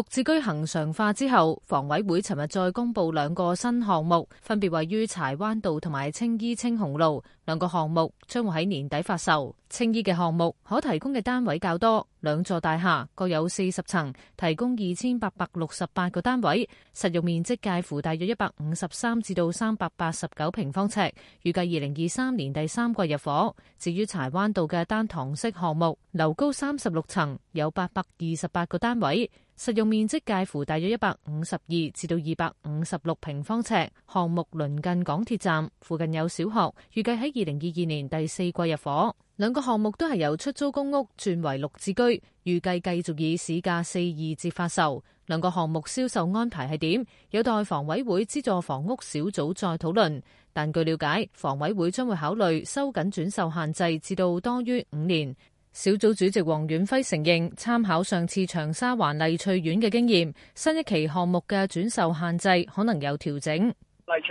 綠置居恆常化之後，房委會尋日再公布兩個新項目，分別位於柴灣道同埋青衣青紅路。兩個項目將會喺年底發售。青衣嘅項目可提供嘅單位較多，兩座大廈各有四十層，提供二千八百六十八個單位，實用面積介乎大約一百五十三至到三百八十九平方尺，預計二零二三年第三季入伙。至於柴灣道嘅單幢式項目，樓高三十六層，有八百二十八個單位。實用面積介乎大約一百五十二至到二百五十六平方尺，項目鄰近港鐵站，附近有小學，預計喺二零二二年第四季入伙。兩個項目都係由出租公屋轉為綠置居，預計繼續以市價四二折發售。兩個項目銷售安排係點，有待房委會資助房屋小組再討論。但據了解，房委會將會考慮收緊轉售限制，至到多於五年。小組主席黃遠輝承認，參考上次長沙灣麗翠苑嘅經驗，新一期項目嘅轉售限制可能有調整。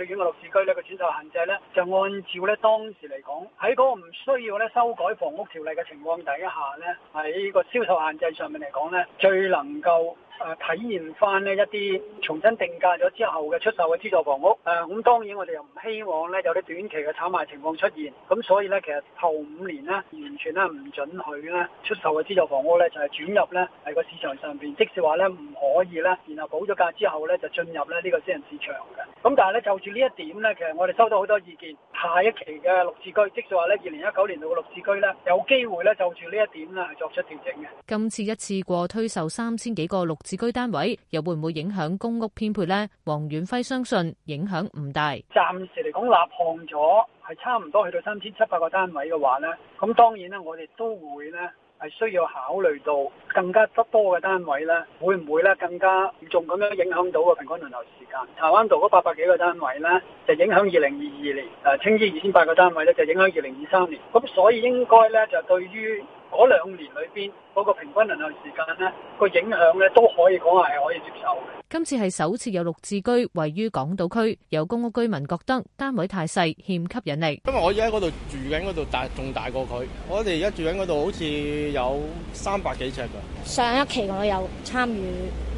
最遠嘅綠置居咧，個轉售限制咧，就按照咧當時嚟講，喺嗰個唔需要咧修改房屋條例嘅情況底下咧，喺個銷售限制上面嚟講咧，最能夠誒體現翻呢一啲重新定價咗之後嘅出售嘅資助房屋。誒咁當然我哋又唔希望咧有啲短期嘅炒賣情況出現。咁所以咧，其實後五年咧完全咧唔准許咧出售嘅資助房屋咧就係轉入咧喺個市場上邊，即係話咧唔可以咧，然後補咗價之後咧就進入咧呢個私人市場嘅。咁但係咧就住。呢一點呢，其實我哋收到好多意見。下一期嘅綠置居，即係話咧二零一九年度嘅綠置居呢，有機會咧就住呢一點啦，作出調整嘅。今次一次過推售三千幾個綠置居單位，又會唔會影響公屋編配呢？黃遠輝相信影響唔大。暫時嚟講立控咗，係差唔多去到三千七百個單位嘅話呢，咁當然呢，我哋都會呢。係需要考慮到更加得多嘅單位咧，會唔會咧更加嚴重咁樣影響到個平均輪流，流時間？柴灣度嗰八百幾個單位咧，就影響二零二二年；誒、啊、青衣二千八個單位咧，就影響二零二三年。咁所以應該咧，就對於。嗰兩年裏邊，嗰個平均能量時間咧，個影響咧都可以講係可以接受。今次係首次有綠置居位於港島區，有公屋居民覺得單位太細，欠吸引力。因為我而家嗰度住緊嗰度大仲大過佢，我哋而家住緊嗰度好似有三百幾尺噶。上一期我有參與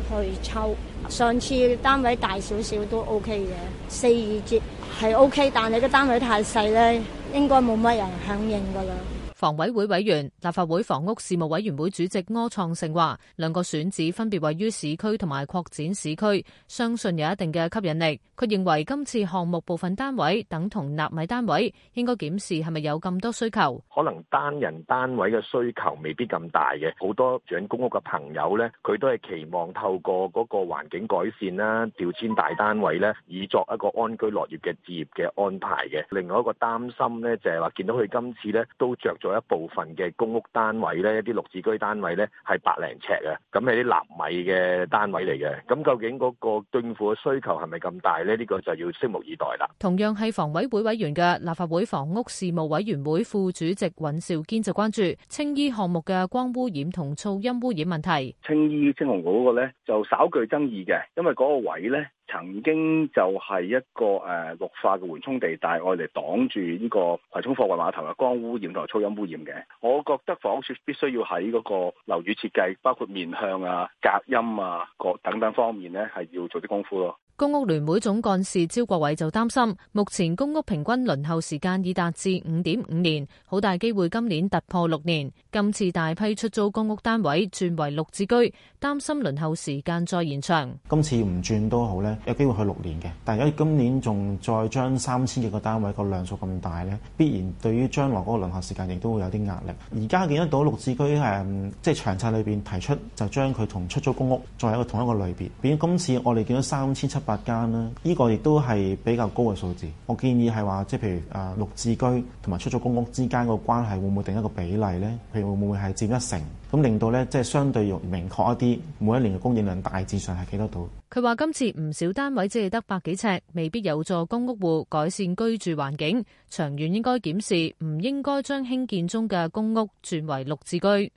去抽，上次單位大少少都 OK 嘅，四二節係 OK，但你嘅單位太細咧，應該冇乜人響應噶啦。房委會委員、立法會房屋事務委員會主席柯創盛話，兩個選址分別位於市區同埋擴展市區，相信有一定嘅吸引力。佢認為今次項目部分單位等同納米單位，應該檢視係咪有咁多需求。可能單人單位嘅需求未必咁大嘅，好多住公屋嘅朋友咧，佢都係期望透過嗰個環境改善啦，調遷大單位咧，以作一個安居樂業嘅置業嘅安排嘅。另外一個擔心咧就係話，見到佢今次咧都着咗。有一部分嘅公屋單位咧，一啲綠置居單位咧，係百零尺嘅，咁係啲納米嘅單位嚟嘅。咁究竟嗰個政府嘅需求係咪咁大咧？呢個就要拭目以待啦。同樣係房委會委員嘅立法會房屋事務委員會副主席尹兆堅就關注青衣項目嘅光污染同噪音污染問題。青衣青紅嗰個咧就稍具爭議嘅，因為嗰個位咧。曾經就係一個誒綠化嘅緩衝地帶，愛嚟擋住呢個葵涌貨櫃碼頭嘅光污染同埋噪音污染嘅。我覺得房署必須要喺嗰個樓宇設計，包括面向啊、隔音啊、各等等方面咧，係要做啲功夫咯。公屋聯會總幹事招國偉就擔心，目前公屋平均輪候時間已達至五點五年，好大機會今年突破六年。今次大批出租公屋單位轉為綠置居，擔心輪候時間再延長。今次唔轉都好呢，有機會去六年嘅。但係而家今年仲再將三千幾個單位個量數咁大呢，必然對於將來嗰個輪候時間亦都會有啲壓力。而家見得到綠置居，誒，即係長策裏邊提出就將佢同出租公屋再一個同一個類別。變今次我哋見到三千七百。八間啦，依個亦都係比較高嘅數字。我建議係話，即係譬如誒，綠置居同埋出租公屋之間個關係會唔會定一個比例呢？譬如會唔會係佔一成咁，令到咧即係相對用明確一啲，每一年嘅供應量大致上係幾多度？佢話今次唔少單位只係得百幾尺，未必有助公屋戶改善居住環境。長遠應該檢視，唔應該將興建中嘅公屋轉為綠置居。